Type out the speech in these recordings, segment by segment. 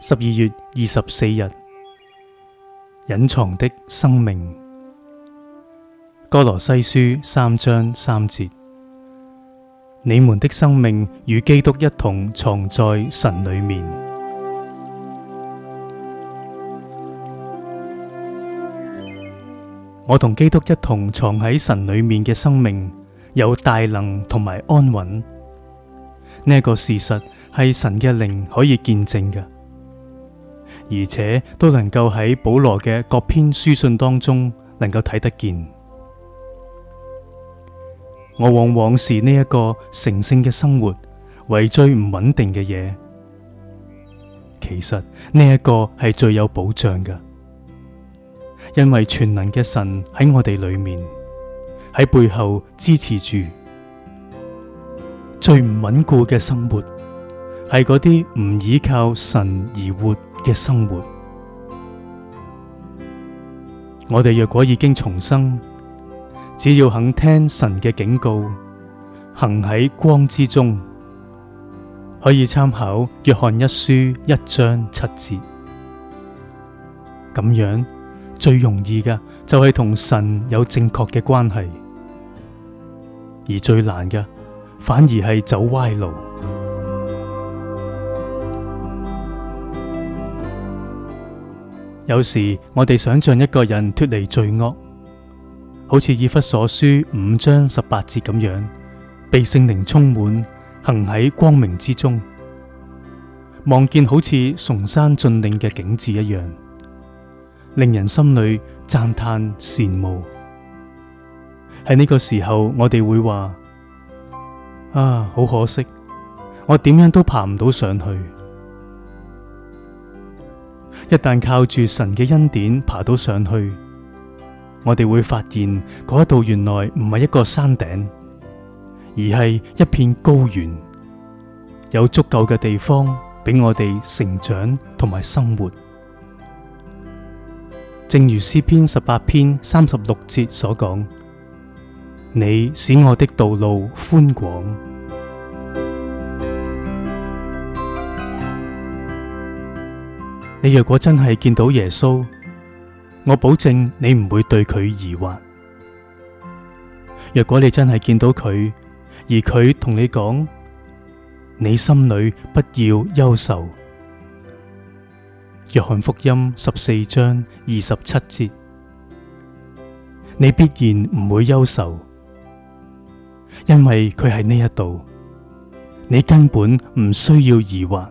十二月二十四日，隱藏的生命，歌羅西書三章三節：你們的生命與基督一同藏在神裏面。我同基督一同藏喺神裏面嘅生命，有大能同埋安穩呢一個事實。係神嘅靈可以見證嘅，而且都能夠喺保羅嘅各篇書信當中能夠睇得見。我往往視呢一個成聖嘅生活為最唔穩定嘅嘢，其實呢一個係最有保障嘅，因為全能嘅神喺我哋裏面喺背後支持住最唔穩固嘅生活。係嗰啲唔依靠神而活嘅生活。我哋若果已經重生，只要肯聽神嘅警告，行喺光之中，可以參考約翰一書一章七節。咁樣最容易嘅就係同神有正確嘅關係，而最難嘅反而係走歪路。有時我哋想象一個人脫離罪惡，好似以弗所書五章十八節咁樣，被聖靈充滿，行喺光明之中，望見好似崇山峻嶺嘅景致一樣，令人心裏讚嘆羨慕。喺呢個時候，我哋會話：啊，好可惜，我點樣都爬唔到上去。一旦靠住神嘅恩典爬到上去，我哋會發現嗰度原來唔係一個山頂，而係一片高原，有足夠嘅地方俾我哋成長同埋生活。正如詩篇十八篇三十六節所講，你使我的道路寬廣。你若果真係見到耶穌，我保證你唔會對佢疑惑。若果你真係見到佢，而佢同你講，你心裏不要憂愁。約翰福音十四章二十七節，你必然唔會憂愁，因為佢喺呢一度，你根本唔需要疑惑。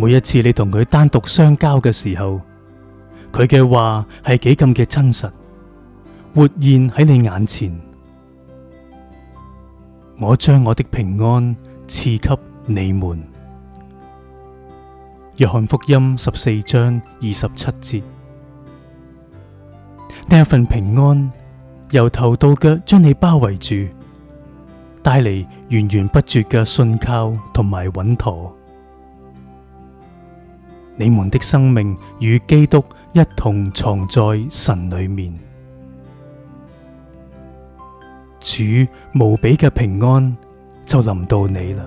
每一次你同佢單獨相交嘅時候，佢嘅話係幾咁嘅真實，活現喺你眼前。我將我的平安賜給你們，約翰福音十四章二十七節。呢一份平安由頭到腳將你包圍住，帶嚟源源不絕嘅信靠同埋穩妥。你們的生命與基督一同藏在神裏面，主無比嘅平安就臨到你啦。